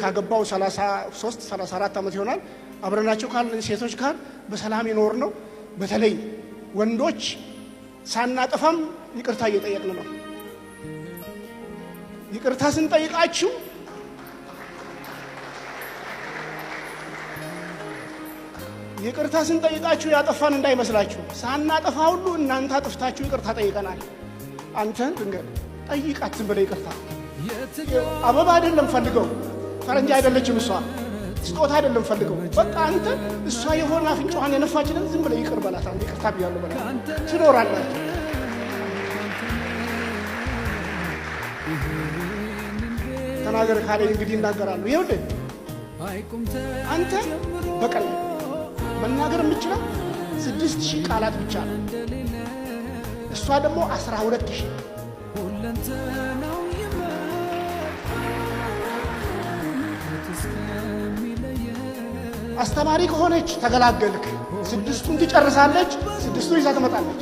ካገባው 33 34 ዓመት ይሆናል። አብረናቸው ካለ ሴቶች ጋር በሰላም ይኖር ነው። በተለይ ወንዶች ሳናጠፋም ይቅርታ እየጠየቅን ነው። ይቅርታ ስንጠይቃችሁ ይቅርታ ስንጠይቃችሁ ያጠፋን እንዳይመስላችሁ። ሳናጠፋ ሁሉ እናንተ አጥፍታችሁ ይቅርታ ጠይቀናል። አንተ ድንገት ጠይቃትን ብለ ይቅርታ አበባ አይደለም ፈልገው ፈረንጅ አይደለችም እሷ። ስጦታ አይደለም ፈልገው በቃ አንተ እሷ የሆነ አፍንጫዋን የነፋችንን ዝም ብለህ ይቅር በላት። አሁን ይቅርታ ብያለሁ በላት ትኖራላችሁ። ተናገር ካለ እንግዲህ እናገራለሁ። ይኸውልህ አንተ በቀል መናገር የምችለው ስድስት ሺህ ቃላት ብቻ ነው። እሷ ደግሞ አስራ ሁለት ሺህ አስተማሪ ከሆነች ተገላገልክ። ስድስቱን ትጨርሳለች፣ ስድስቱን ይዛ ትመጣለች።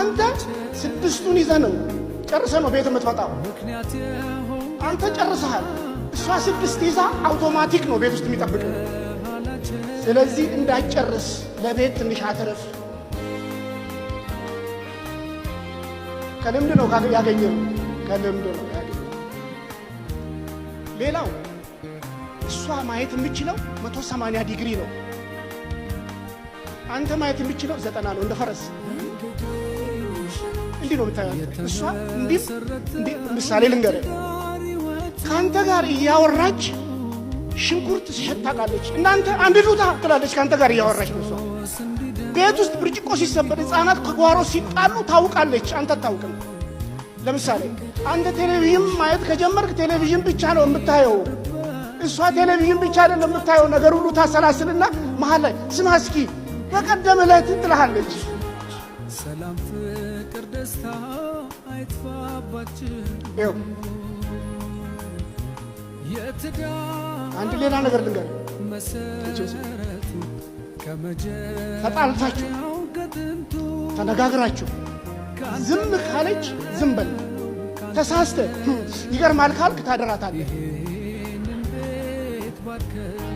አንተ ስድስቱን ይዘ ነው ጨርሰ ነው ቤት የምትመጣው። አንተ ጨርሰሃል፣ እሷ ስድስት ይዛ አውቶማቲክ ነው ቤት ውስጥ የሚጠብቅ። ስለዚህ እንዳይጨርስ ለቤት ትንሽ አትረፍ። ከልምድ ነው ያገኘ፣ ከልምድ ነው ያገኘ። ሌላው እሷ ማየት የምችለው 180 ዲግሪ ነው። አንተ ማየት የምችለው ዘጠና ነው። እንደ ፈረስ እንዲህ ነው የምታያት እሷ። እንዲህ ምሳሌ ልንገርህ፣ ከአንተ ጋር እያወራች ሽንኩርት ሲሸት ታውቃለች። እናንተ አንድ ዱታ ትላለች። ከአንተ ጋር እያወራች ነው እሷ። ቤት ውስጥ ብርጭቆ ሲሰበር፣ ሕፃናት ከጓሮ ሲጣሉ ታውቃለች። አንተ አታውቅም። ለምሳሌ አንተ ቴሌቪዥን ማየት ከጀመርክ ቴሌቪዥን ብቻ ነው የምታየው። እሷ ቴሌቪዥን ብቻ አይደለም የምታየው ነገር ሁሉ ታሰላስልና መሀል ላይ ስማ እስኪ በቀደም ዕለት ሰላም፣ ፍቅር፣ ደስታ አይጥፋባችሁ። አንድ ሌላ ነገር ልንገር፣ ተጣልታችሁ ተነጋግራችሁ ዝም ካለች ዝም በል። ተሳስተ ይገርማል ካልክ ታደራታለህ what could